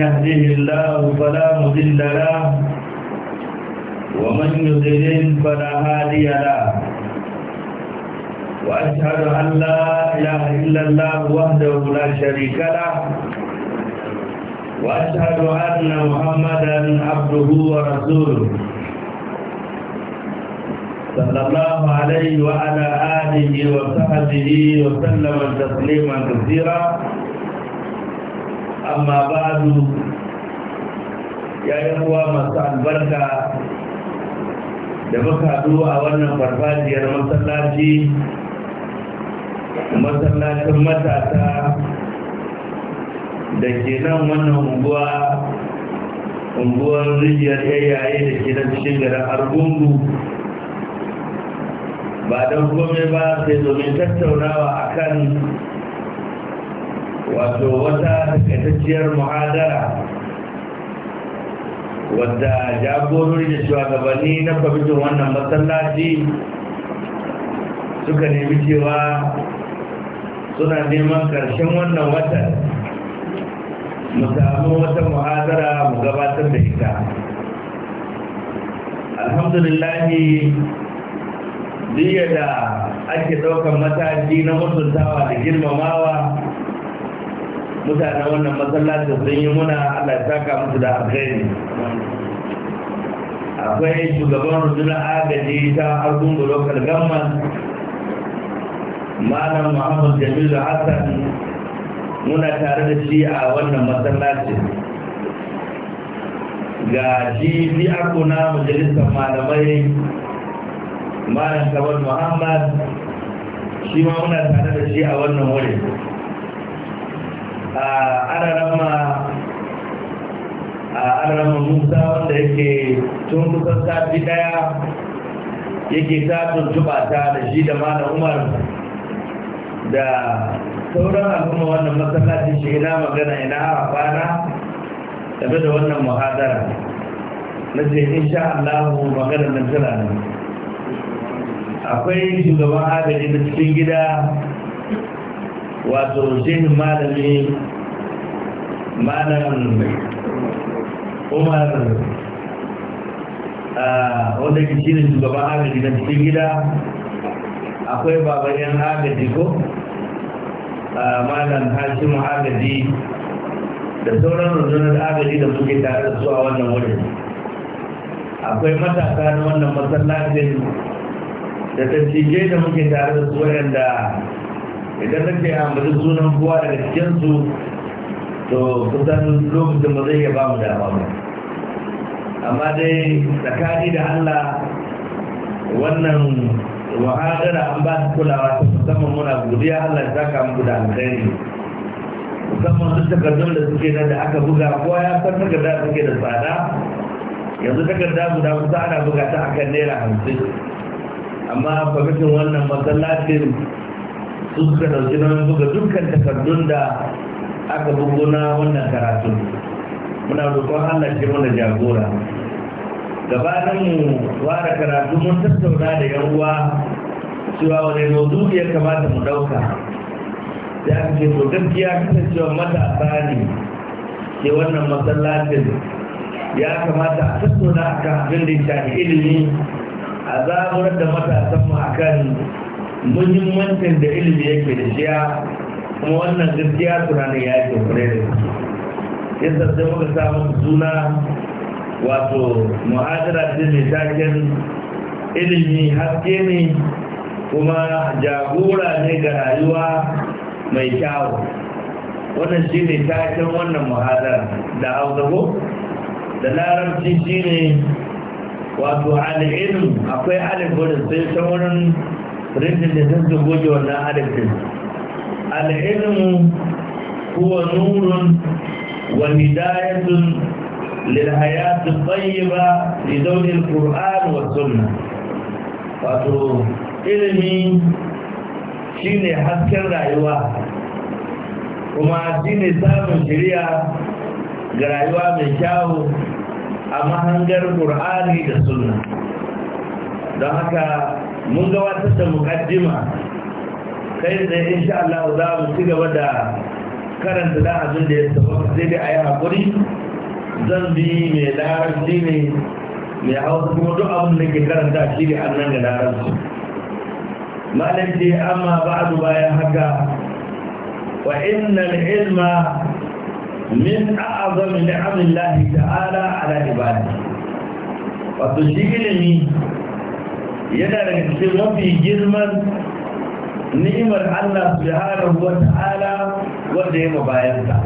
يهده الله فلا مضل له ومن يضلل فلا هادي له وأشهد أن لا إله إلا الله وحده لا شريك له وأشهد أن محمدا عبده ورسوله صلى الله عليه وعلى آله وصحبه وسلم تسليما كثيرا amma ba'adu yayin ruwa masu albarka da muka haɗu a wannan farfajiyar masallaci masallacin matasa da ke nan wannan unguwa unguwar rijiyar yayaye da ke nan cikin garin argungu ba don kome ba sai domin tattaunawa a kan. wato wata takaitacciyar muhadara wadda jagorori da shugabanni na kwamitin wannan matsalaci suka nemi cewa suna neman ƙarshen wannan watan mu samu wata muhadara mu gabatar da ita alhamdulillahi duk da ake ɗaukar mataki na mutuntawa da girmamawa mutanen wannan masallacin sun yi muna Allah ya saka musu da alkhairi akwai shugaban rundunar agaji ta argungu local government malam muhammad jamilu hassan muna tare da shi a wannan masallacin ga shi fi akuna majalisar malamai malam kawar muhammad shi ma muna tare da shi a wannan wurin A ararama musa wanda yake tun kusan daya yake ta tuntuba ta da shi da malam umar da sauran al'umma wannan masallacin shi ina magana ina a kwana tafi da wannan muhadara na ce insha Allah magana nan tana akwai shugaban agaji na cikin gida wato jin malami malam umar ah, wanda ke shirin shugaban agaji na cikin gida akwai baban yan agaji ko ah, malam hashimu agaji da sauran rundunar agaji da suke tare da su a wannan wurin akwai matasa na wannan masallacin da tattijai da muke tare da su waɗanda idan na ce a mutu sunan kowa daga cikinsu to kusan lokacin ba zai iya ba mu dama ba amma dai tsakani da allah wannan wahadara an ba su kulawa ta musamman muna godiya allah ta kamu da alkhairi musamman duk takardun da suke nan da aka buga kowa ya san takarda suke da tsada yanzu takarda guda kusa ana buga ta akan naira hamsin amma kwamitin wannan masallacin su suka na nauyin buga dukkan takardun da aka bugo na wannan karatu muna roƙon Allah ke mana jagora gabanin mu ware karatu mun tattauna da yan uwa cewa wani maudu'i ya kamata mu ɗauka da aka ce to gaskiya kasancewa matasa ne ke wannan masallacin ya kamata a tattauna akan abin da ya shafi ilimi a zaburar da matasanmu akan muhimmancin da ilimi yake da shiya kuma wannan gaskiya tunanin ya yake kure da shi, yadda sai muka sa suna wato mu'adara ce mai taken ilimi haske ne kuma jagora ne ga rayuwa mai kyawu wannan shi ne taken wannan muhadara da auzago da larabci shi ne wato al'ilm akwai alif sai sauran printin da sun goge wannan adadin al'ilmu kuwa nurun wa hidayatun للحياة الطيبة ƙuran القرآن والسنة wato ilimi shine hasken rayuwa kuma shine samun shirya ga rayuwa mai kyawu a mahangar ƙur'ani da sunna don haka mun gabatar da mukaddima kai da insha Allah za mu ci gaba da karanta da abin da ya saba sai dai ayi hakuri zan bi mai larabci ne mai hausa kuma duk abin da ke karanta shi ne annan da larabci malam amma ba'du bayan haka wa innal ilma min a'azami ni'amillahi ta'ala ala ibadi wato shi ilimi yana da cikin mafi girman ni'imar Allah su ya subhanahu wa ta'ala wanda ya mabayanta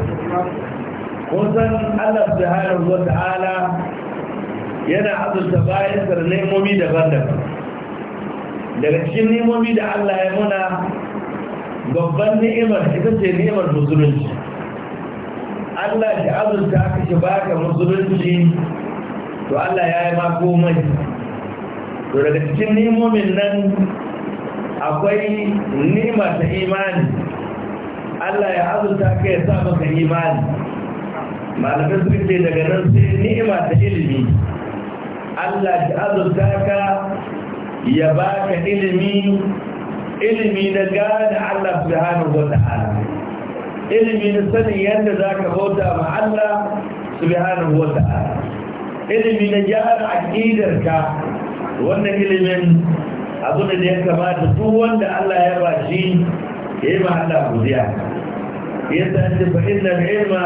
kun san Allah su ya subhanahu wa ta'ala yana azurta bayan da nemomi daban-daban daga cikin nemomi da Allah ya muna babban ni'imar ita ce ni'imar musulunci Allah ki azurta aka shi baka musulunci to Allah ya yi ma komai to daga cikin nimomin nan akwai nima ta imani Allah ya azurta ka ya sa maka imani malamai suka ce daga nan sai nima ta ilimi Allah ya azurta ka ya baka ilimi ilimi na gane Allah subhanahu wata ala. ilimi na sanin yadda za ka bauta ma Allah subhanahu wata ala. ilimi na gyara aqidarka wannan ilimin abin da ya kamata duk wanda Allah ya ba shi ya yi mahalla guziya yadda an fahimtar inda ilma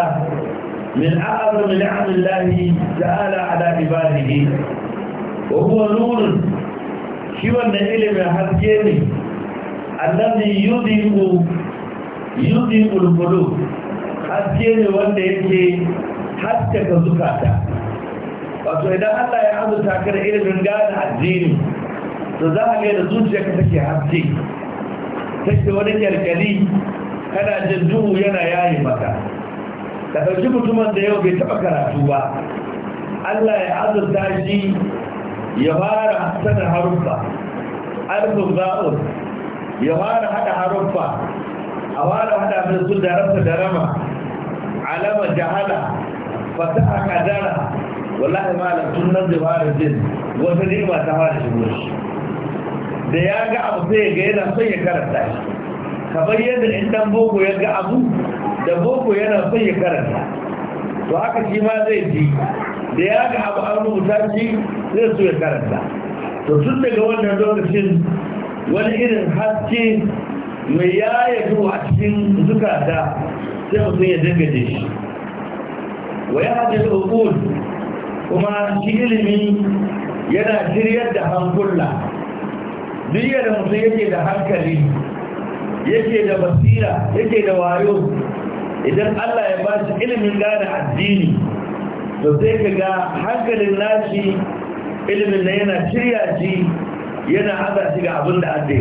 min a'azam ni'amillahi ta'ala ala ibadihi wa huwa nurun shi wannan ilimin haske ne allazi yudiku yudiku al haske ne wanda yake haskaka zukata wato idan Allah ya azurta ka da ilimin gane addini to za ka ga da zuciya ka take haske take wani kyalkyali kana jin duhu yana yayi maka ka ɗauki mutumin da yau bai taɓa karatu ba Allah ya azurta shi ya fara sanin haruffa alfin za'ur ya fara haɗa haruffa a fara haɗa min da rasa da rama alama jahala fasaha kadara wallahi malam tun nan zai fara jin wata ni'ima ta fara shigo shi da ya ga abu sai ga yana son ya karanta shi kamar yadda in dan boko ya ga abu da boko yana son ya karanta to haka shi ma zai ji da ya ga abu an rubuta shi zai so ya karanta to tun daga wannan lokacin wani irin haske mai yaya zuwa a cikin zukata sai mutum ya dangaje shi wa ya hajji kuma shi ilimi yana shiryar da hankula duk da mutum yake da hankali yake da basira yake da wayo idan Allah ya ba shi ilimin gane addini to sai ka ga hankalin nashi ilimin na yana shirya shi yana haza shi ga abin da ake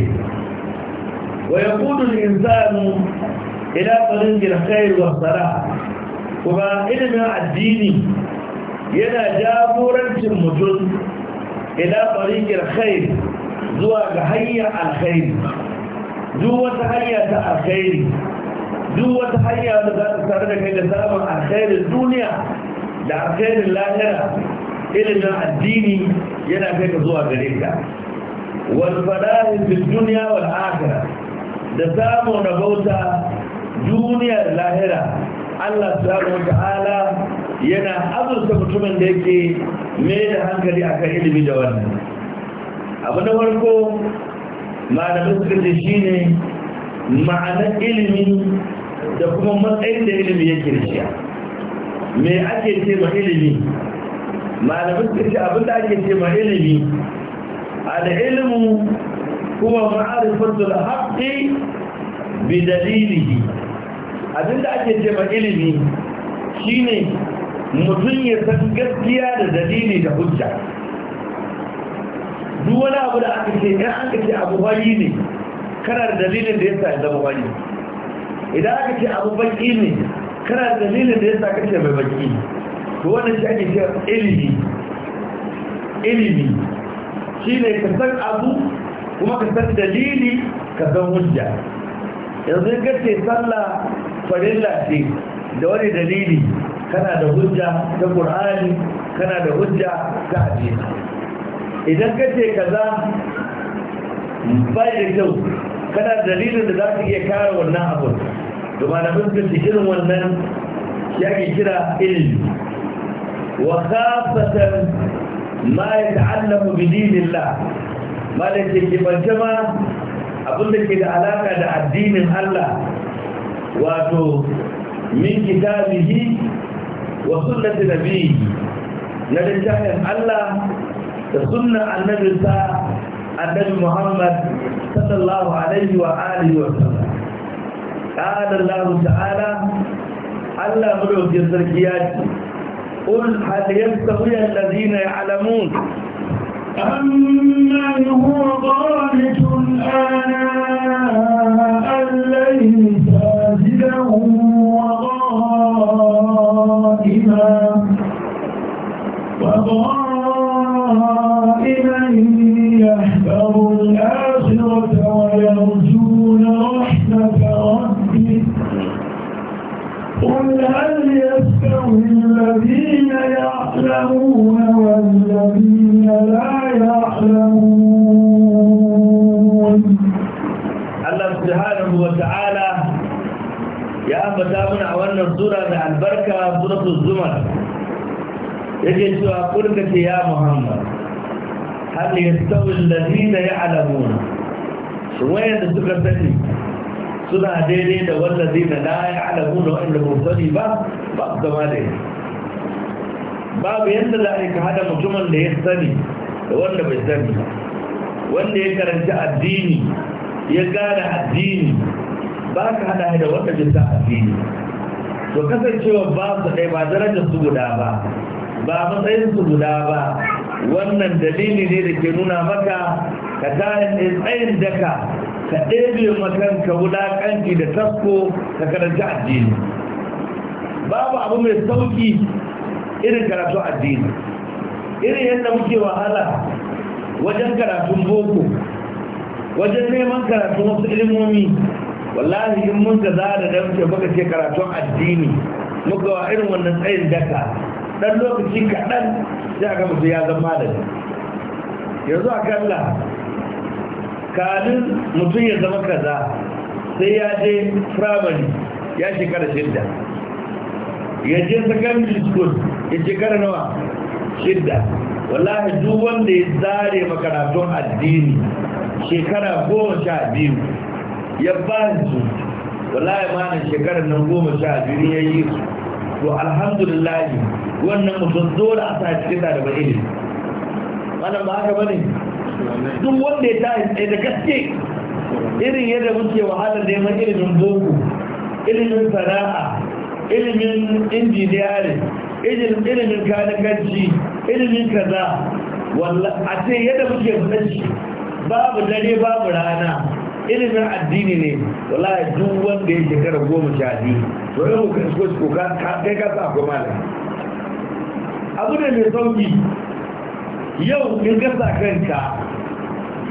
wa ya kudu insanu ila tsarin girkai wa tsara kuma ilimin addini yana jagorancin mutum idan tariqil khair zuwa ga hanyar alkhairi duk wata hanya ta alkhairi duk wata hanya da za ta tare da kai da samun alkhairin duniya da alkhairin lahira ilimin addini yana kai ka zuwa gare ka wal fadahi fil dunya wal akhirah da samun rabauta duniya da lahira Allah subhanahu wa ta'ala yana azurta mutumin da yake mai da hankali a kan ilimi da wannan abu na farko malamin suka ce shi ne ma'anar ilimi da kuma matsayin da ilimi yake da shi me ake ce ma ilimi malamin suka ce abin da ake ce ma ilimi ilimu kuma da haƙƙi bi dalilihi abin da ake ce ma ilimi shine mutum ya san gaskiya da dalili da hujja duk wani abu da aka ce in aka ce abu wani ne kana da dalilin da yasa ya zama wani idan aka ce abu baki ne kana da dalilin da yasa ka ce mai baki to wannan shi ake cewa ilimi ilimi shi ne ka san abu kuma ka san dalili ka san hujja yanzu ka ce sallah farilla ce da wani dalili kana da hujja ta qur'ani kana da hujja ta hadisi idan ka ce kaza bai da kyau kana da dalilin da za ka iya kare wannan abun da malamin ka wannan ya ke kira ilmi wa khasatan ma yata'allamu bi dinillah malam ke kibance ma da ke da alaka da addinin Allah wato min kitabihi وسنة نبيه نبي جاهم الله سنة النبي ساء النبي محمد صلى الله عليه وآله وسلم قال الله تعالى الله ملوك يزرقياك قل هل يستطيع الذين يعلمون أمن هو ضابط آناء الليل ساجدا وضابط الآخرة ويرجون رحمة قل هل يستوي الذين يعلمون والذين لا يعلمون ya ambata muna a wannan sura da albarka suratul zumar yake cewa kurka ce ya muhammad hal ya yastawi alladhina ya'lamuna da suka sani suna daidai da zina wallazina la ya'lamuna wanda ba sani ba ba su zama da babu yadda za a yi ka hada mutumin da ya sani da wanda bai sani wanda ya karanci addini ya gane addini ba ka hada da wanda bai a addini to kasancewa ba su kai ba darajar su guda ba ba matsayin su guda ba wannan dalili ne da ke nuna maka ka tayin tsayin daka ka ɗebe guda ƙanki da tasko ka karanta addini babu abu mai sauki irin karatu addini irin yadda muke wahala wajen karatun boko wajen neman karatun wasu ilimomi wallahi in mun ka zara da muke muka ce karatun addini muka wa irin wannan tsayin daka dan lokaci kaɗan sai aka mutu ya zama malami yanzu a kalla kanin mutum ya zama kaza sai ya je firamare ya shekara shidda ya je secondary school ya shekara nawa shidda wallahi duk wanda ya zare makaratun addini shekara goma sha biyu ya ba su wallahi ma nan shekarar nan goma sha biyu ya yi su to alhamdulillah wannan mutum dole a sa cikin da ba ilimi wannan ba haka bane duk wanda ya tashi tsaye da gaske irin yadda muke wahalar neman ilimin boko ilimin sana'a ilimin injiniyarin ilimin kanakanci ilimin kaza a ce yadda muke faɗin babu dare babu rana ilimin addini ne wallahi duk wanda ya shekara goma sha biyu to yau ka isko shi koka kai ka sa kuma malam abu ne mai sauki yau in ka sa kanka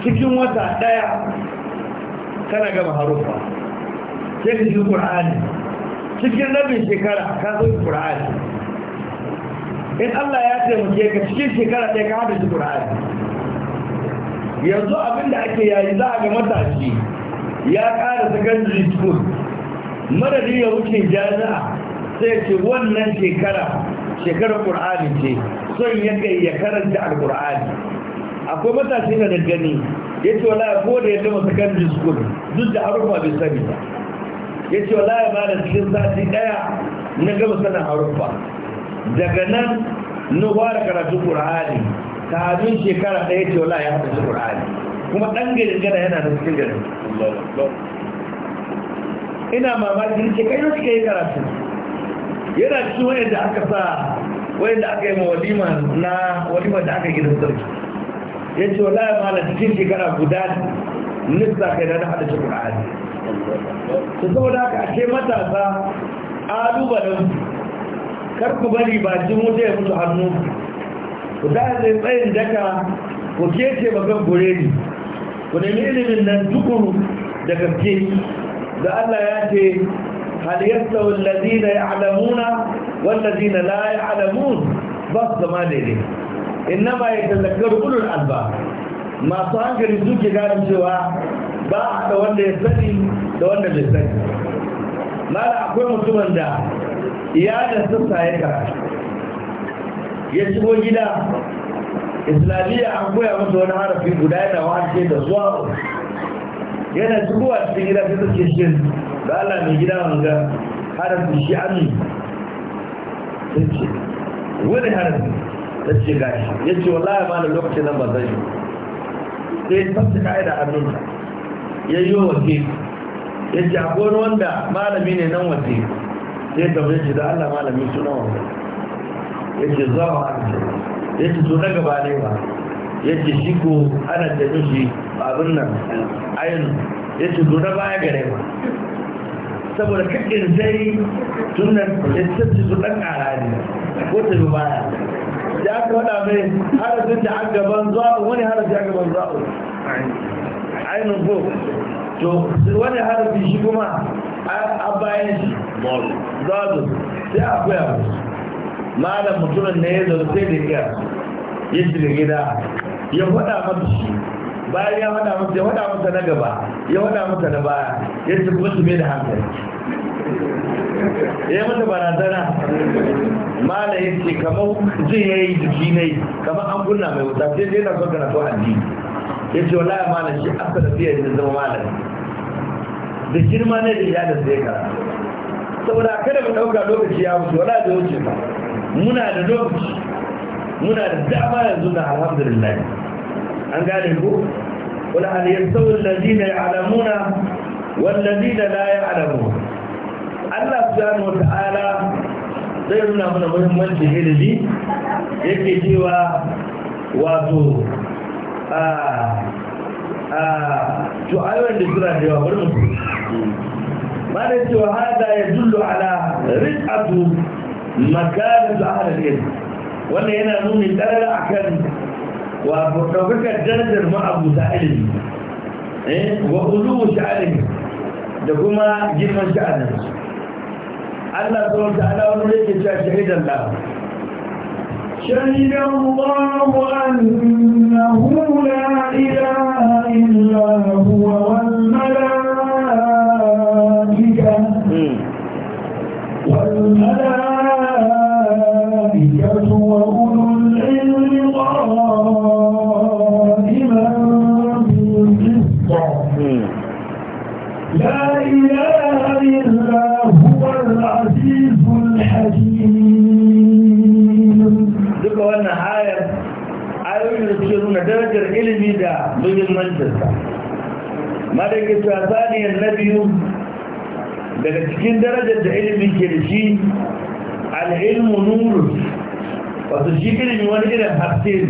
cikin wata daya kana gama harufa sai ka shi qur'ani cikin rabin shekara ka zo qur'ani in Allah ya taimake ka cikin shekara ɗaya ka hada shi qur'ani yanzu abin da ake yayi za a ga matashi ya ƙara secondary school madadin ya wuce jami'a sai ce wannan shekara shekarar ƙur'ani ce son ya kai ya karanta alƙur'ani akwai matashi da gani ya ce wala ko da ya gama secondary school duk da harufa bai sani ba ya ce wala ya ba da cikin sati ɗaya na gama sanin harufa daga nan na fara karatun ƙur'ani kamin shekara ɗaya ce wala ya haɗa ƙur'ani kuma ɗan girgara yana da cikin gari ina mamakin ce kai yau suke yi karatu yana cikin da aka sa da aka yi mawalima na walima da aka gina sarki ya ce wala ya mala cikin shekara guda nisa kai na haɗa Qur'ani to saboda aka ake matasa ƙalubalen kar ku bari bakin wuta ya mutu hannu ku daɗe tsayin daka ku keke bakan gure ni ku nemi ilimin nan tukuru da gaske da Allah ya ce hal yastawi alladhina ya'lamuna wal ladina la ya'lamun ba su zama daidai innama yatazakkaru ulul alba. masu hankali suke gane cewa ba a haɗa wanda ya sani da wanda bai sani mara akwai mutumin da iyalinsa sa ya karatu ya shigo gida islamiyya an koya masa wani harafi guda yana wace da zuwa yana a cikin gida ta suke shi da Allah mai gida wanga harafi shi ami ta ce wani harafi ta ce gashi ya ce wallahi ma da lokacin nan ba zai yi sai fasta ka'ida hannunta ya yi wake ya ce akwai wanda malami ne nan wace sai ta shi da Allah malami suna wanda yake zuwa ma an ce yake to na gaba ne ba yake shi ko ana da mishi abin nan ayin yake to na baya gare ba saboda kakin zai tunan ya tsanci su ɗan ƙara ne ko ta baya Ya ka wada mai harafin da aka gaban zuwa wani harafi aka gaban zuwa ainihin ko to wani harafi shi kuma a bayan shi zuwa sai akwai abu malam mutumin ne ya zo sai da ya shiga gida ya faɗa masa shi bayan ya faɗa masa ya faɗa masa na gaba ya faɗa masa na baya ya ce kuma su da hankali ya mata barazana mala ya ce kamar zai ya yi jiki ne kamar an kunna mai wuta sai dai na son ko addini ya ce wala malam shi aka da fiye da zama malam da girma ne da ya da sai karatu saboda kada mu ɗauka lokaci ya wuce wala da wuce ba muna da lokaci muna da dama yanzu na alhamdulillah an gane ko wala hal yasawu na? ya'lamuna wal na ya ya'lamun Allah subhanahu wa ta'ala zai nuna mana muhimmanci ilimi yake cewa wato a a to ayoyin da suna da yawa bari mu ba da cewa hada ya dullu ala rizqatu مكان الأهل الإذن وأنه هنا نوني ترى لأحكام وفكرك جنزر مع أبو سائل إيه؟ وأولوه سائله دكما جمع سائله الله سبحانه وتعالى ونريك شهيدا له شهد الله أنه لا إله إلا هو والملائكة والملائكة الملائكة وأولو العلم قائما بالقسط لا إله إلا هو العزيز الحكيم duka wannan hayar ayoyin da suke nuna darajar ilimi da muhimmancinsa madagisa saniyar na biyu daga cikin darajar da ilimi ke da shi العلم نور وتجيب لي والعلم هبتين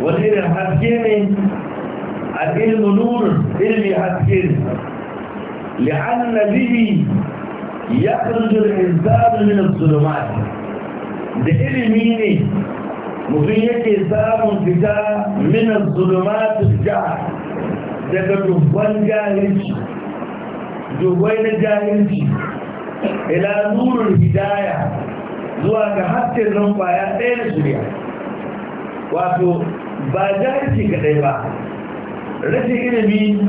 والعلم هبتين العلم نور علم هبتين لأن به يخرج الإنسان من الظلمات ده علميني مفيه الإنسان فتاة من الظلمات الجاه ده جهوان جاهلش جهوان جاهلش ila nurul hidaya zuwa ga hasken nan ɗaya da shirya wato ba jahilci kaɗai ba rashin ilimi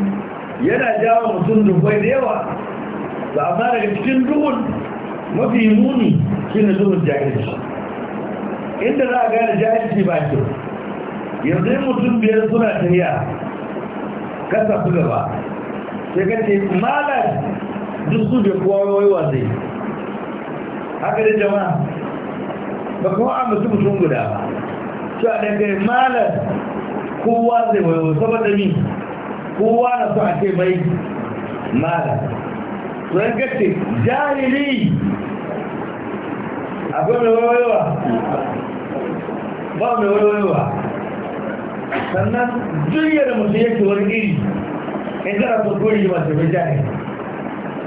yana jawo mutum dubbai da yawa ba amma daga cikin duhun mafi muni shine duhun jahilci inda za a gane jahilci ba ke yanzu mutum biyar suna tafiya kasa su gaba sai ka ce duk su da kowa wai wasai haka da jama'a ba kuma a mutum sun guda ba su a dangare malar kowa zai wayo saboda ni kowa na su a ce mai malar su yan gace jahili akwai mai wayowa ba mai wayowa sannan duk yadda mutum yake wani iri in kana kori kuri mace mai jahili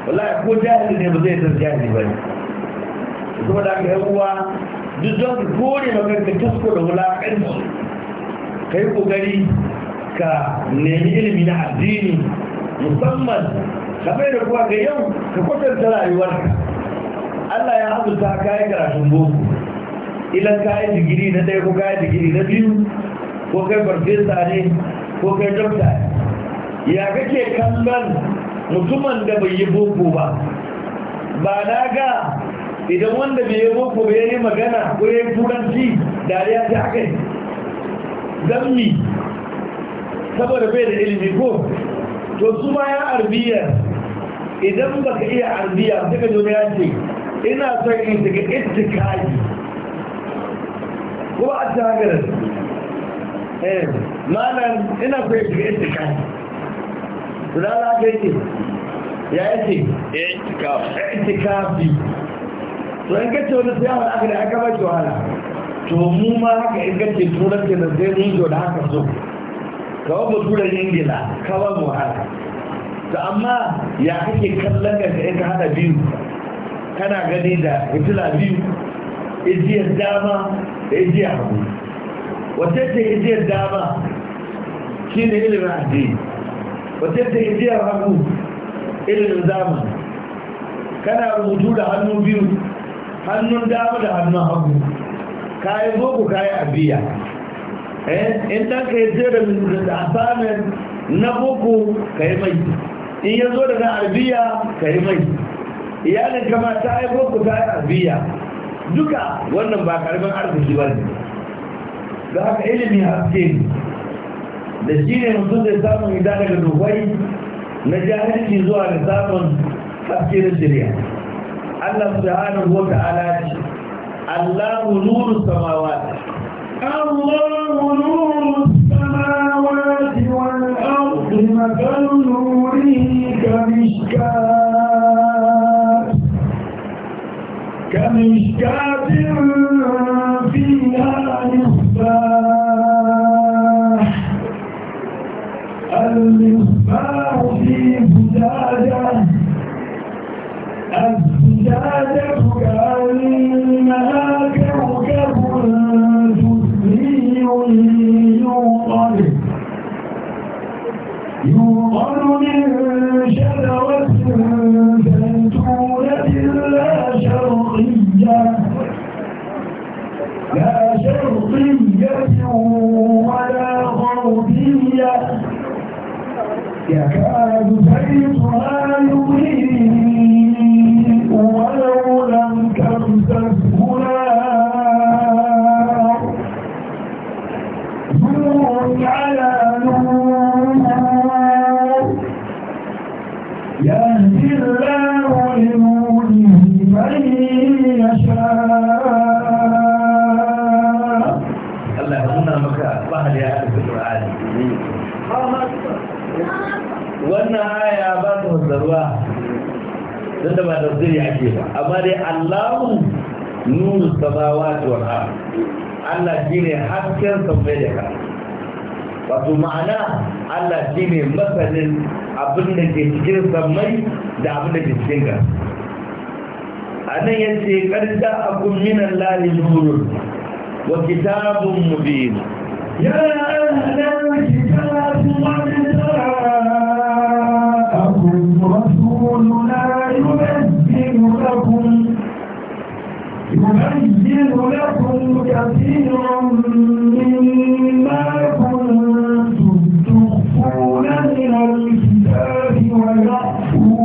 wallahi ko jahili ne ba zai san jahili ba kuma da aka uwa duk don ka kore maka ka tusko da wulaƙanci ka yi ƙoƙari ka nemi ilimi na addini musamman ka bai da kuwa ga yau ka kwatanta rayuwarka Allah ya azurta ka yi karatun boko ilan ka yi digiri na ɗaya ko ka yi digiri na biyu ko kai farfesa ne ko kai dokta ya kake kallon mutumin da bai yi boko ba ba na ga idan wanda bai yi boko bai yi magana ko ya yi turanci dariya ta kai zammi saboda bai da ilimi ko to su ma ya arbiya idan baka iya arbiya suka zo ya ce ina son in shiga ittikali kuma a ta hagarar eh malam ina son in shiga ittikali rana ka yake ya ce yake itikafi to in kace wani sai wani aka da aka ba ke wahala to mu ma haka in kace turanci da zai mun zo da haka so kawai ba tura ingila kawai mu wahala. to amma ya kake kallon ka in ka hada biyu kana gani da fitila biyu ijiyar dama da ijiyar hagu wace ce ijiyar dama shine ilimin addini wata ta injiyar hannu irin zama? kana rubutu da hannu biyu hannun dama da hannun hagu kayi boko yi abiya in ɗan ka yi tsere da asamin na boko ka yi mai in ya zo da na abiya ka yi mai iyalin kama ta yi boko ta yi abiya duka wannan ba karamin arziki ba ne da haka ilimin haske ne da shi ne mutum zai samun ida daga dubai na jahilci zuwa da samun haske da shirya Allah subhanahu wa ta'ala ce Allah nuru samawa Allah nuru samawati wal ardi matal nurihi kamishkat kamishkat كأنها كوكب يوقد يوقد من شجرة زيتونة لا لا شرقية ولا E a ver do peito lá no rio A ake ba amma dai Allahu nuru samawati wal ard Allah ne hasken sammai da ƙasa wato ma'ana Allah ne masanin abin da ke cikin samai da abin da ke cikin A ƙasa anan yace qarda akum min lari nurun wa kitabun mubin ya ahlal kitab qad ja'akum rasuluna يبين لكم كثيرا مما كنتم تخفون من الكتاب ويعفو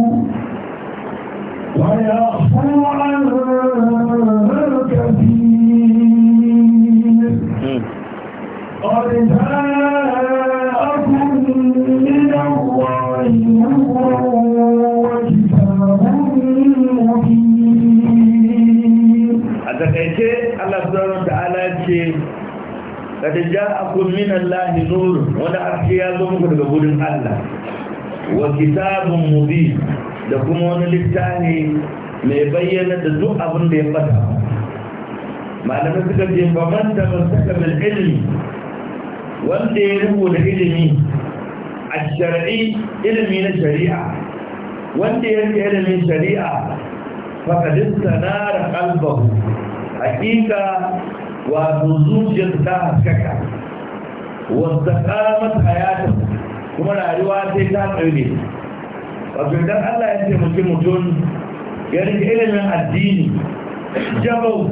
ويعفو عن كثير قد ja'akum min Allah nurun wani haske daga gurin Allah wa da kuma wani littafi mai bayyana da duk abin da ya fata malamai suka ce ba wanda ya rubuta ilimi a ilimi na shari'a wanda ya rike ilimin shari'a faqad sanara qalbahu hakika wato zuciyar ta haskaka wasta kamar hayatar kuma rayuwa sai ta tsare wato idan Allah ya ce mutum mutum ya rike ilimin addini jabau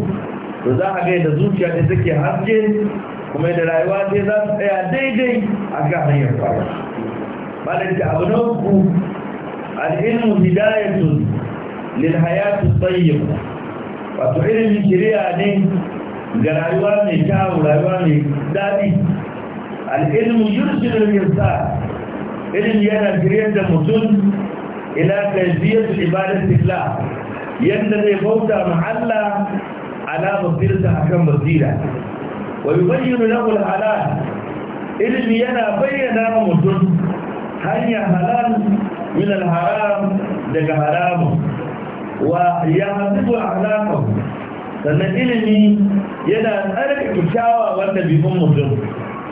to za a ga da zuciya ta take haske kuma da rayuwa sai za su tsaya daidai a kan hanyar fara malinta abu na uku al'ilmu hidayatun lil hayatu tsayyib wato ilimin shari'a ne جرايواني شاول رايواني دادي العلم يرسل الانسان علم ينا جريان مسن الى تجزيه عباده الله ينتهي بوتا محلا على مصيرة حكم مصيرة ويبين له الحلال علم ينا بين مسن هيا حلال من الحرام دك حرام ويحذف اعلامه sannan ilimi yana tsarkake kyawawan ɗabi'un mutum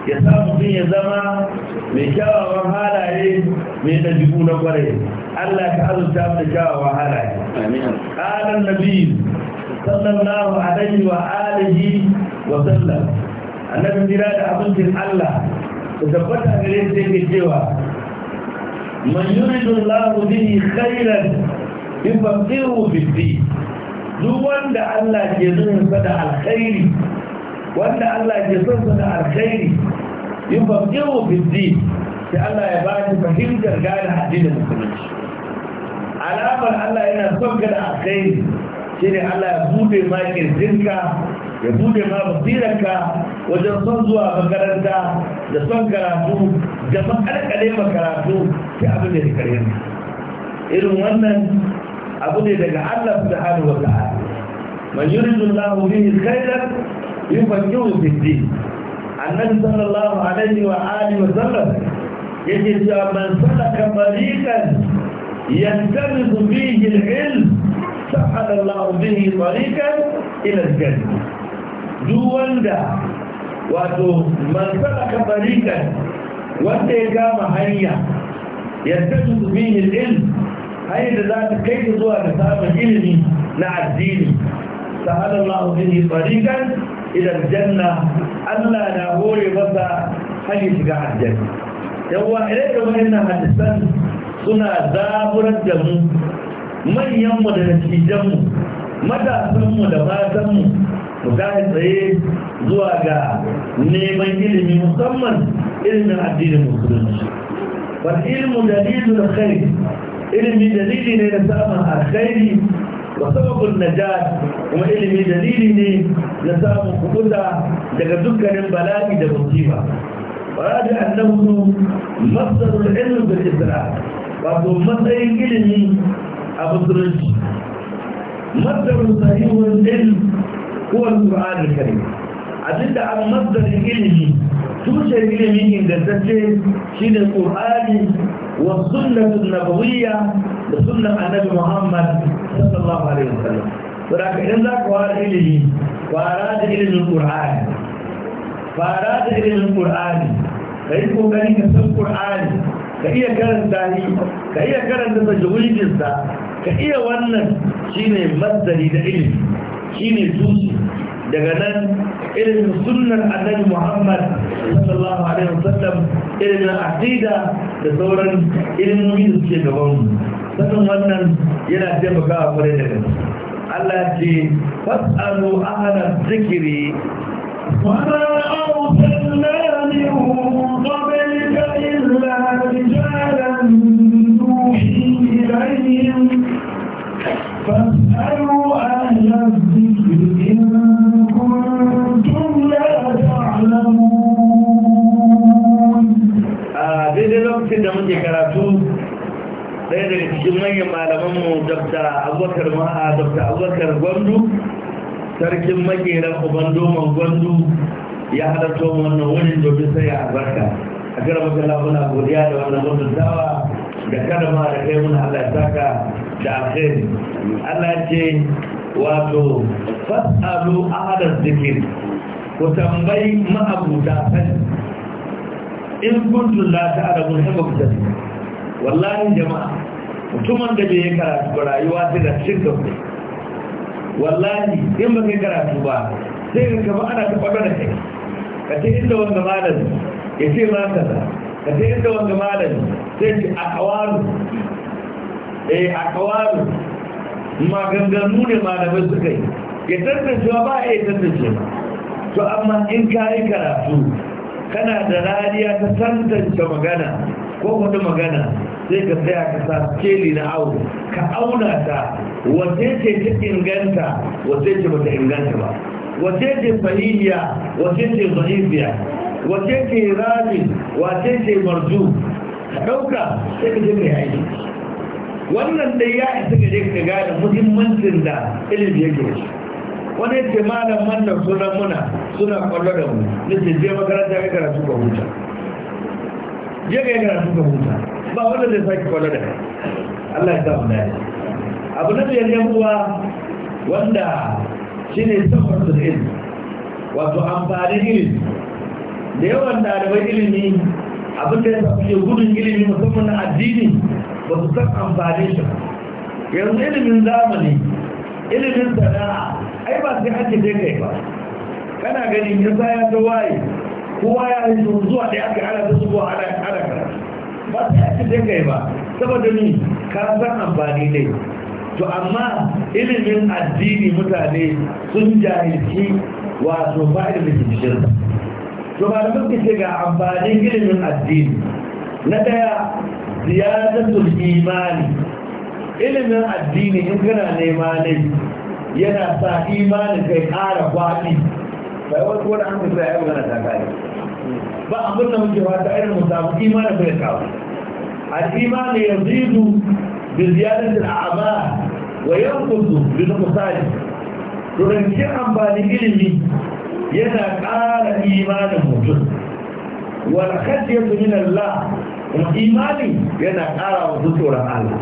ya sa mutum ya zama mai kyawawan halaye mai ɗabi'u na kwarai Allah ka azurta mu da kyawawan halaye ƙalan nabi sallallahu alaihi wa alihi wa sallam annabi jira da abincin Allah ku tabbata gare shi yake cewa man yuridu Allahu bihi khairan yufaqihu fid din duk wanda Allah ke son sa da alkhairi wanda Allah ke son sa da alkhairi yin fakihu fi din sai Allah ya bani fahimtar gane addinin musulunci alamar Allah yana son ka da alkhairi shine Allah ya bude ma kirjinka ya bude ma basirarka wajen son zuwa makaranta da son karatu da makarkare makaratu sai abin da ya kare irin wannan أبني دك الله سبحانه وتعالى من يريد الله به خيرا يفجوه في الدين النبي صلى الله عليه وآله وسلم يجد من سلك طريقا يلتمس فيه العلم سحب الله به طريقا إلى الجنة دون دا واتو من سلك طريقا وانت يقام حيا يلتمس فيه العلم hanyar da za ta kai ku zuwa ga samun ilimi na addini sahalar Allah bihi tariqan ila janna, Allah na hore masa hanyar shiga aljanna yawa ire da na hadisan suna zaburar da mu manyan mu da natijan mu matasan mu da matan mu mu kai tsaye zuwa ga neman ilimi musamman ilimin addinin musulunci wal ilmu dalilul khair إلمي دليلني نسامها خيري وسبب النجاة وإلمي دليلني نسام خبوتا لقدك للبلاء دبطيبا وراجع أنه مصدر العلم بالإسراء فأبو مصدر إلمي أبو سرج مصدر صحيح العلم هو القرآن الكريم abinda an mazdarin ilimi tushen ilimi ingantacce shi ne ƙur'ani wa sunnatun nabawiyya da sunnan annabi muhammad sallallahu alaihi wasallam saboda idan za ka wara ilimi fara da ilimin ƙur'ani fara da ilimin ƙur'ani ka yi ƙoƙari ka san ƙur'ani ka iya karanta shi ka iya karanta tajwidinsa ka iya wannan shine mazdari da ilimi shine tushe daga nan irin sunan annabi muhammad sallallahu alaihi wasallam irin aqida da sauran ilmomi da suke gaban mu sanin wannan yana taimakawa kwarai da gaske Allah ce fasalu ahla zikri wa ma ke karatu ɗaya daga cikin manyan malamanmu dr abubakar ma'a dr abubakar gwandu sarkin makeran uban man gwandu ya halarta wannan wurin domin sai a albarka a kira maka labuna godiya da wannan dawa. da ma da kai muna allah ya saka da alkhairi allah ce wato fasalu ahadar zikir ku tambayi ma'abuta sani in kuntun la ta'lamun haka ku sani wallahi jama'a mutumin da bai yi karatu ba rayuwa sai da cin da ku wallahi in ba kai karatu ba sai ka kama ana ta faɗa da kai ka ce inda wanda malami ya ce ma kaza ka ce inda wanda malami sai ce a kawaru eh a kawaru maganganu ne malamai su yi ya tantance ba a iya ba to amma in ka yi karatu kana da rariya ta tantance magana ko wata magana sai ka tsaya ka sa keli na awo ka auna ta wace ce ta inganta wace ce bata inganta ba wace ce fahimiya wace ce zahibiya wace ce rami wace ce marzu ka ɗauka sai ka je ka yayi wannan dai ya isa ka je ka gane muhimmancin da ilimi yake da shi wani yadda malam mannan suna muna suna kwallo da mu ne ce je makaranta ya karatu ka huta je ka yi karatu ka huta ba wanda zai sake kwallo da kai Allah ya sa mu dai abu na biyar yan kuwa wanda shine safartul ilmi wato amfani ilimi da yawan ɗalibai ilimi abin da ya tafi ya gudun ilimi musamman na addini ba su san amfani shi yanzu ilimin zamani ilimin sana'a ai ba sai hajji dai kai ba kana ganin ya sa ya ta waye kowa ya yi zuwa da aka ana ta zuwa ana ala. ba sai hajji dai kai ba saboda ni ka san amfani ne to amma ilimin addini mutane sun jahilci wato ba ilimin shirka. to ba da muke ce ga amfanin ilimin addini na daya ziyaratul imani ilimin addini in kana nema ne yana sa imanin kai kara kwaɗi bai wasu wani an kusa ya yi magana ta kare ba abin da muke wata irin mu samu imanin kai kawo al-imanu yazidu bi ziyadati al-a'mal wa yanqusu bi nuqsani to dan kin amfani ilimi yana kara imanin mutum ya khashyatu min Allah imani yana kara wa tsoron Allah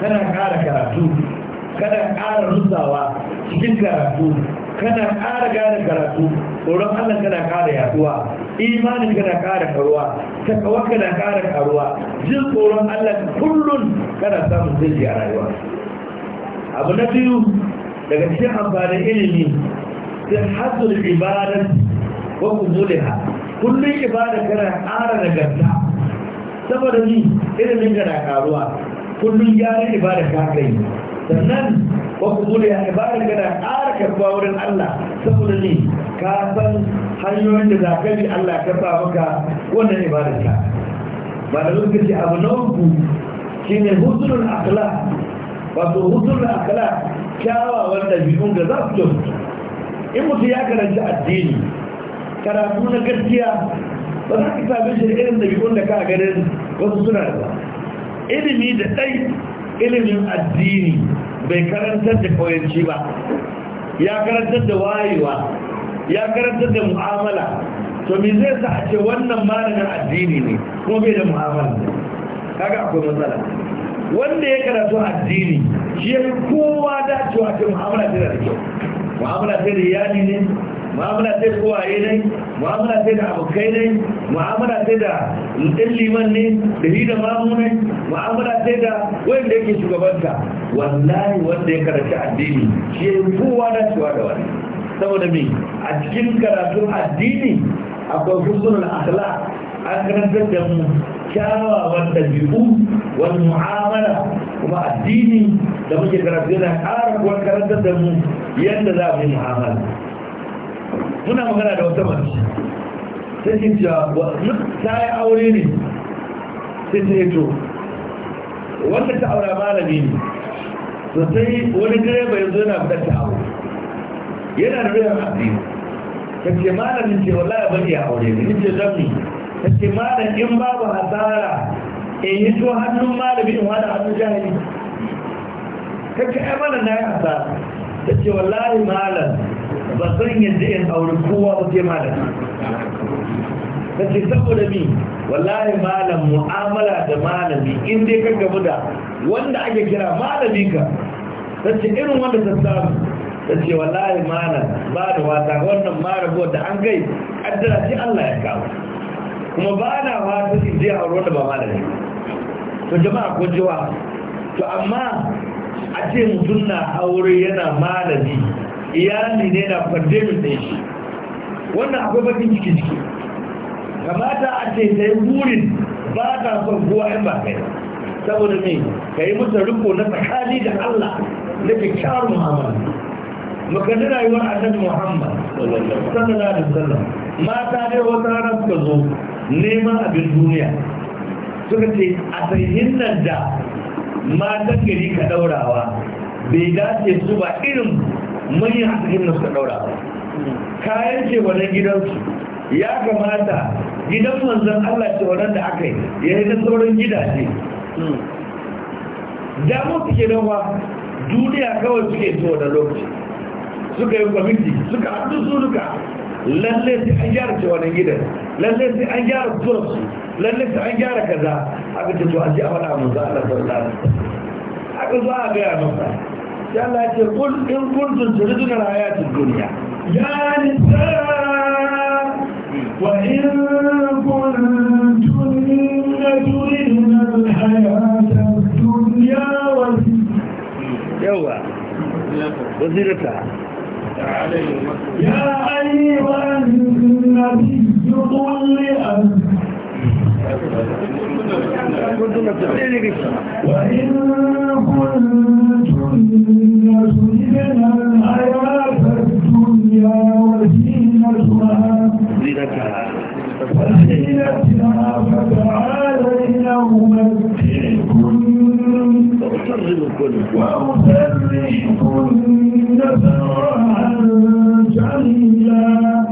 kana kara karatu kana ƙara rutsawa cikin karatu kana ƙara gane karatu tsoron Allah kana ƙara yaduwa imanin kana ƙara karuwa takawa kana ƙara karuwa jin tsoron Allah kullum kana samun sirri a rayuwa abu na biyu daga cikin amfanin ilimi sai hasul ibadar wa kuzuliha kullum ibada kana ƙara nagarta saboda ni ilimin kana karuwa kullum gyara ibadar ka kai sannan ku kubulu ya ibada gada, ƙara karɓa wurin Allah saboda ne ka san hanyoyin da za ka Allah ka sa maka wannan ibadar ka ba da lokaci abu na uku shine hudurul akhlaq wato hudurul akhlaq kyawawan ɗabi'un da za su kyautu in mutu ya karanta addini karatu na gaskiya ba za ka sami shi da irin ɗabi'un da ka ganin wasu suna da ba ilimi da ɗai ilimin addini bai karantar da koyanci ba ya karantar da wayewa ya karantar da mu'amala to me zai sa a ce wannan malamin addini ne ko bai da mu'amala kaga akwai matsala wanda ya karatu addini shi ya kowa cewa ce mu'amala tana da kyau mu'amala ta da iyali ne mu'amala sai da kowaye ne mu'amala sai da abokai ne mu'amala sai da ɗin liman ne da shi da mamu ne mu'amala sai da wanda yake shugabanta wallahi wanda ya karanta addini shi ya kowa na shi da wani saboda me a cikin karatun addini akwai husnul akla an karantar da mu kyawawan ɗabi'u wani mu'amala kuma addini da muke karatu yana ƙara kuwa karantar da mu yadda za mu yi mu'amala muna magana da wata mace sai ce ta ta yi aure ne sai ta to wanda ta aura malami ne to sai wani direba zo yana fitar ta aure yana da rayuwar asiri ta ce malamin ce wallahi bari ya aure ne ni ce zan ni ta ce malam in babu hasara in yi to hannun malamin in wada hannun jahili ta ce ai malam na yi hasara ta ce wallahi malam ba san yadda in aure kowa ba sai malami ta ce saboda mi wallahi malam mu'amala da malami in dai ka gabu da wanda ake kira malami ka ta ce irin wanda ta samu ta ce wallahi malam ba da wata wannan marabuwa da an gai kaddara ce Allah ya kawo kuma ba na wata su je a wanda ba malami to jama'a ko jiwa to amma a ce mutum na aure yana malami iyali ne na fandemin da shi wannan akwai bakin ciki ciki kamata a ce sai burin ba ta son kowa in ba kai saboda ne ka yi musu riko na tsakani da Allah da kyakkyawar Muhammad makalli rayuwar annabi Muhammad sallallahu alaihi wasallam mata ne wata rana suka zo neman abin duniya suka ce a sayin nan da matan gari ka daurawa bai dace su ba irin manyan asirin da suka daura kayan ce wani gidansu ya kamata gidan manzan Allah ce wannan da aka yi ya yi na sauran gidaje damar suke nan ba duniya kawai suke so wani lokaci suka yi kwamiti suka haɗu su duka lalle sai an gyara ce wani gidan lalle sai an gyara turansu lalle sai an gyara kaza aka ce to a ji a faɗa manzan Allah sallallahu alaihi wasallam aka zo a gaya masa يلا تقول إن كنتم تريدون الحياة الدنيا يا نساء وإن كنتم تريدون الحياة الدنيا يوا وزيرتها يا أيها النبي قل لأزواجك وإن كنتم تريدن الحياة الدنيا وزينتها وزينتها فتعالين أمتعكن وأسرحكن سراحا جميلا.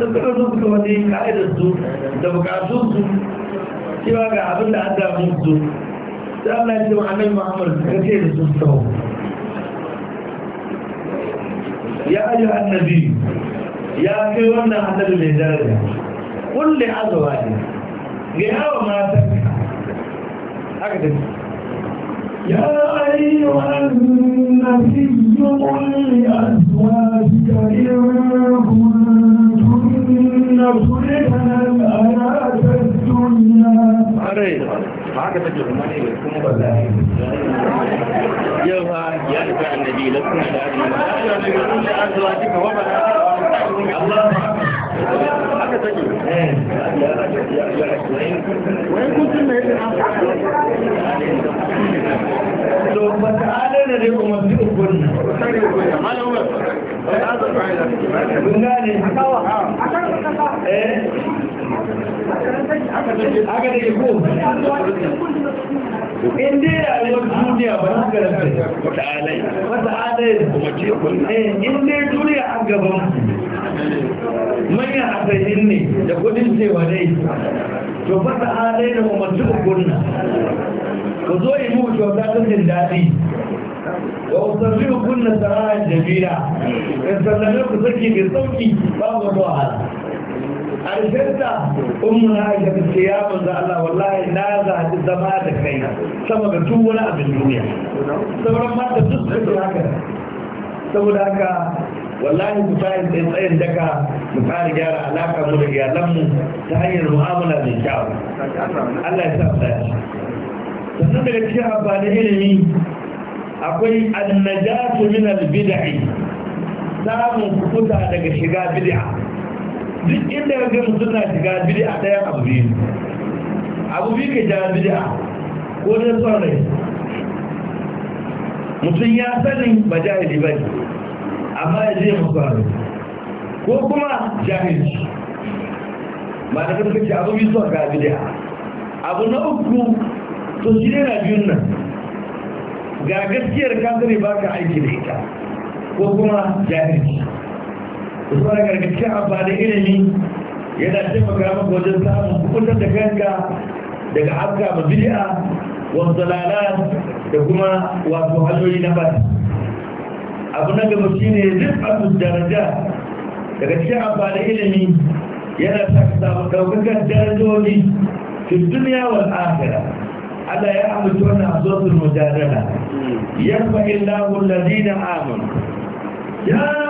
تذكر ذكر هذه قاعدة da bukatunsu cewa ga abin da an damu zo sai Allah ya ce wa annabi Muhammad ka ce da su sau ya ayu annabi ya kai wannan annabi mai daraja kulli azwaji ga yawa matan haka da يا أيها النبي قل لأزواجك إن كنتن تردن الحياة الدنيا haka take kuma ne kuma ba za a yi yau ha ya nufi annabi lafiya da ajiyar da ajiyar da ajiyar da ajiyar da ajiyar da ajiyar da ajiyar aka sake da ko in dai a yau duniya ba su garanta wata alai wata alai da kuma tekun eh, in dai duniya a gaban manyan asayin ne da kudin cewa dai to fata alai da kuma tekun kunna. ku zo yi mu kyauta ta jin daɗi wa usarri kunna sara'ar jabira in sallame ku sake ga sauki babu wata wahala aljanna Umar na aisha ta ce ya manzo Allah wallahi na zaɓi zama da kaina sama ga duk wani abin duniya sauran mata duk suka ce haka saboda haka wallahi ku tayin tsaye tsayin daka mu fara gyara alaƙa mu da iyalanmu ta hanyar mu'amala mai kyau Allah ya sa mu dace sannan daga cikin amfani ilimi akwai annajatu min albid'i samun kuta daga shiga bid'a duk inda ka gani suna shiga bid'a ɗayan abu biyu abu biyu ka ja bid'a ko dai son rai mutum ya sani ba jahili ba ne amma ya je musu rai ko kuma jahilci ba da karfi ce abu biyu son ga bid'a abu na uku to shi ne na biyun nan ga gaskiyar kasare ba ka aiki da ita ko kuma jahilci zuwa ga cikin amfani ilimi yana taimaka maka wajen samun kukuntar da kanka daga afka ma bid'a wa da kuma wato hanyoyi na bata abu na gaba shine rifatu daraja daga cikin amfani ilimi yana sa ka samu daukakar darajoji fi duniya wal akhirah Allah ya amince wannan azotul mujadala hmm. yarfa illahu alladhina amanu ya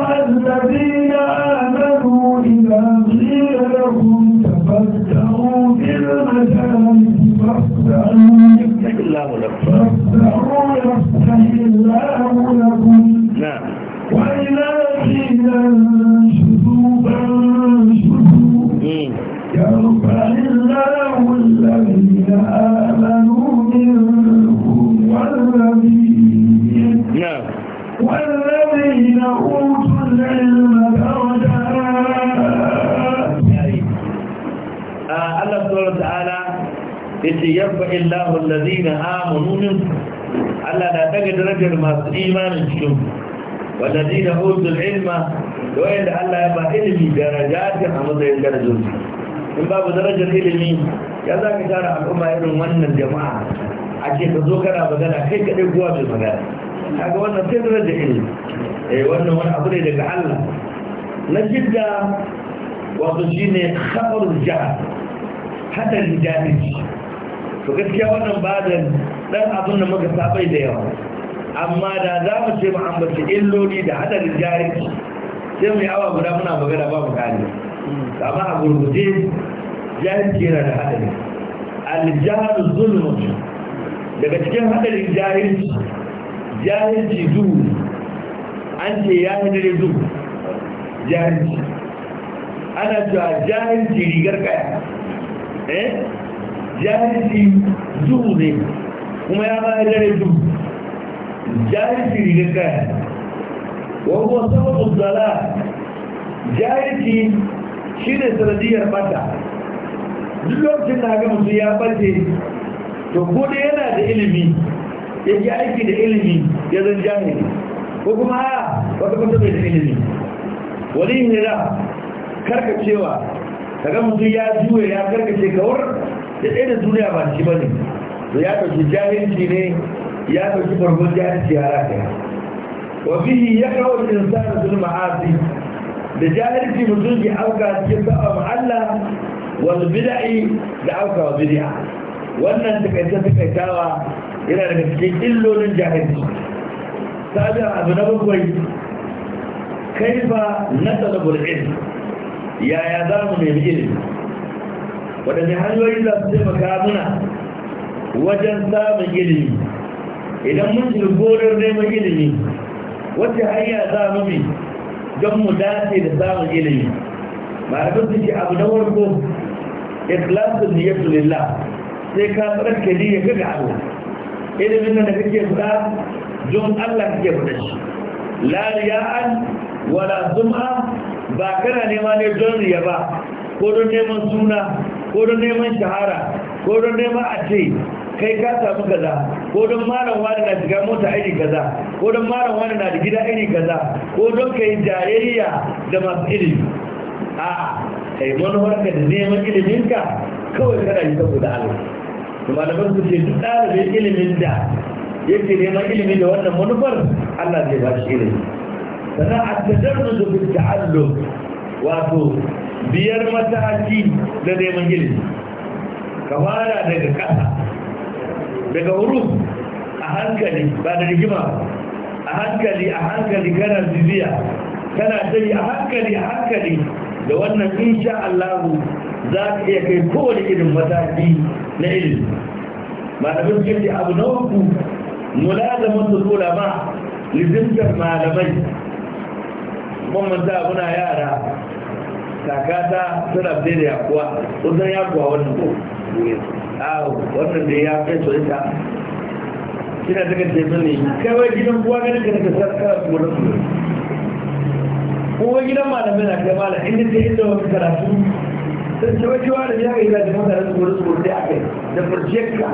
الله الذين آمنوا منه ألا لا تجد رجل ما إيمان شكم والذين أوتوا العلم وإن ألا يبا إلمي درجات حمد الدرجون من باب درجة إلمي يذا شارع الأمة إلم ون الجماعة أكي تذكر أبدا أكيك أقوى في المقال أكي وانا تدرى دحل أي وانا وانا أقول إليك حل نجد وقشيني خبر الجهد حتى الجهد to gaskiya wannan badan dan abin da muka sabai da yawa amma da za mu ce mu ambaci illoli da hadarin jahilci sai mu yi awa guda muna magana ba mu kare amma a gurguje jahilci yana da hadari aljahalu zulmun daga cikin hadarin jahilci jahilci duhu an ce ya hadari duhu jahilci ana cewa jahilci rigar kaya eh jahilci duhu ne kuma ya ma dare duhu jahilci rigar kaya wago sababin zala jahilci shi ne sanadiyar bata duk lokacin da ga mutum ya bace to ko da yana da ilimi ya ji aiki da ilimi ya zan jahili ko kuma a wata kwata da ilimi wani hira karkacewa daga mutum ya juya ya karkace kawar da ɗaya da duniya ba shi ba ne ya ɗauki jahilci ne ya ɗauki farkon jahilci ya rataya wa bihi ya kawo insanu zulma asi da jahilci mutum ke auka cikin sa'a Allah Wani bida'i da auka wa bida'a wannan takaita takaitawa yana daga cikin illolin jahilci sabi abu na bakwai kaifa na talabul ilm yaya za mu nemi ilimi waɗanne hanyoyi za su taimaka muna wajen samun ilimi idan mun shiga gonar neman ilimi wacce hanya za mu bi don mu dace da samun ilimi malamin su ce abu na farko ikhlasun niyyatu lillah sai ka tsarkake niyya ga Allah ilimin da kake fada don Allah kake fada shi la wala zum'a ba kana nema ne don riya ba ko don neman suna ko don neman shahara ko don neman a ce kai ka samu kaza ko don malam wani na shiga mota iri kaza ko don malam wani na da gida iri kaza ko don ka yi jayayya da masu ilimi a kai manuwarka da neman iliminka kawai kana yi saboda Allah da malaman su ce duk ɗalibin ilimin da yake neman ilimi da wannan manufar Allah zai ba shi ilimi sannan a tadarru da ta'allum wato biyar mataki da neman ilimi ka fara daga ƙasa daga wuru a hankali ba da rigima a hankali a hankali kana zibiya kana tsayi a hankali a hankali da wannan insha Allah za ka iya kai kowane irin mataki na ilimi malamin suke abu na uku mulazamatu ulama lizimtar malamai Kuma manta muna yara kakata suna fiye da yakuwa kusan yakuwa wannan ko awo wannan da ya fi so ita kina daga ce ne kawai gidan buwa gani ka daga sarkar kuma kuma gidan malamai na kai malam inda ta inda wani karatu sun ce wani da ya ga gidan mata da tsoro tsoro da aka da farjekka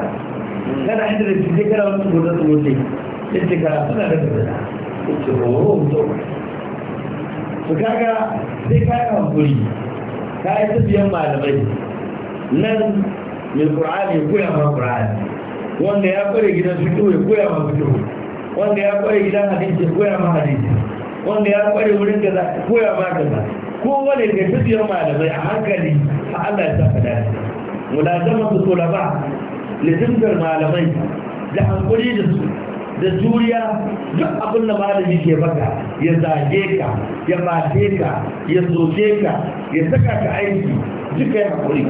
kana inda da cikin kana wani tsoro tsoro ne ya ce karatu na daga da su kaga sai ka yi hankuri ka yi tafiyan malamai nan mai ƙur'ani ya koya ma ƙur'ani wanda ya kware gidan fito ya koya ma fito wanda ya kware gidan hadisi ya koya ma hadisi wanda ya kware wurin gaza ya koya ma gaza kowane ka tafiyan malamai a hankali a Allah ya sa ka dace zama su tsola ba lizimtar malamai da hankuri da su da juriya duk abin da malami ke baka ya zage ka ya bate ka ya soke ka ya saka ka aiki duka ya haƙuri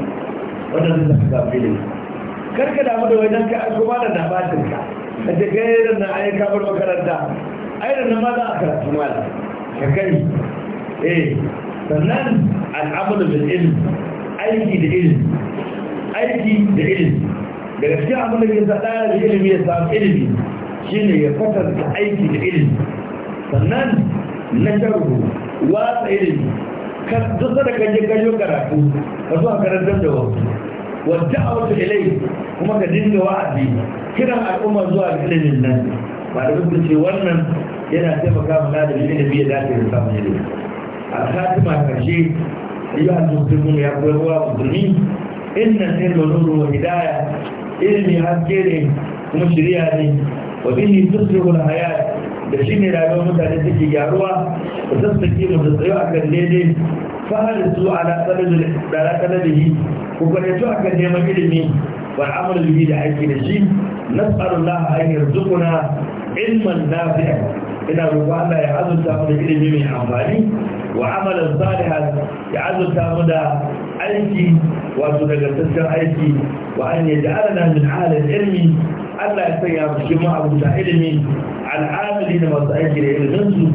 wannan zai saka zafi ne karka damu da wajen ka aiko ba da nabatin ka a yi yaran na ayyuka bar makaranta ayyukan na ma za a karatu mala ka kai eh sannan al'amuru da ilm aiki da ilm aiki da ilm daga cikin abin da ke sa ɗaya da ilimi ya samu ilimi shine ya ta aiki da ilimi sannan na sharhu watsa ilimi kan duk da kan je karatu ka zo karantar da wasu wadda a wata ilai kuma ka dinga wa'azi kiran al'umma zuwa ga ilimin nan ba da duk ce wannan yana taimaka mu na da ilimi ya dace da samun ilimi a katima karshe ayyuhan muslimun ya koyarwa musulmi inna sirru nuru wa hidaya ilimi haske ne kuma shirya ne wa bihi tuslihu al da shi ne rayuwar mutane suke gyaruwa da sassake mu da tsayo akan daidai fahar su ala tsanar da yi ku kwanatu akan neman ilimi wal amal bihi da aiki da shi nas'alullah an yarzuquna ilman nafi'a ina roƙo Allah ya azurta mu da ilimi mai amfani wa amalan salihan ya azurta mu da aiki wato daga tattar aiki wa an yi da alana min halin ilmi allah ya sanya mu shi ma abu da ilmi al'amali da masu aiki da ilminsu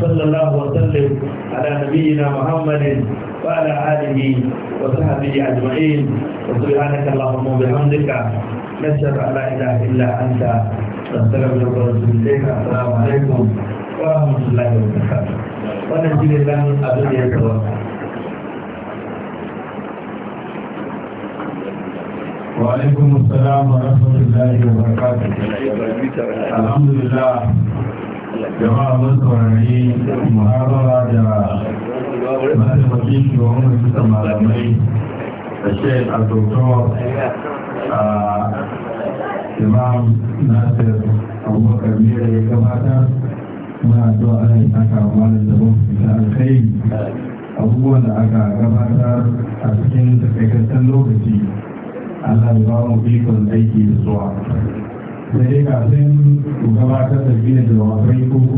sallallahu wasallam ala nabiyyina muhammadin wa ala alihi wa sahbihi ajma'in wa subhanaka allahumma wa bihamdika nashhadu an la ilaha illa anta nastaghfiruka wa natubu ilayka assalamu alaikum wa rahmatullahi wa barakatuh wannan shi ne zan abin da ya tabbata وعليكم السلام ورحمة الله وبركاته الحمد لله jama'a mun saurari muhabara da mataimakin shugaban bisa malamai da shek a doktor a imam nasir abubakar mera ya gabata muna zuwa ana yi aka malam da su fita alkhairi abubuwan da aka gabatar a cikin takaitaccen lokaci Allah ya ba mu ikon aiki da zuwa sai dai kafin ku gabatar da gina jawabai ko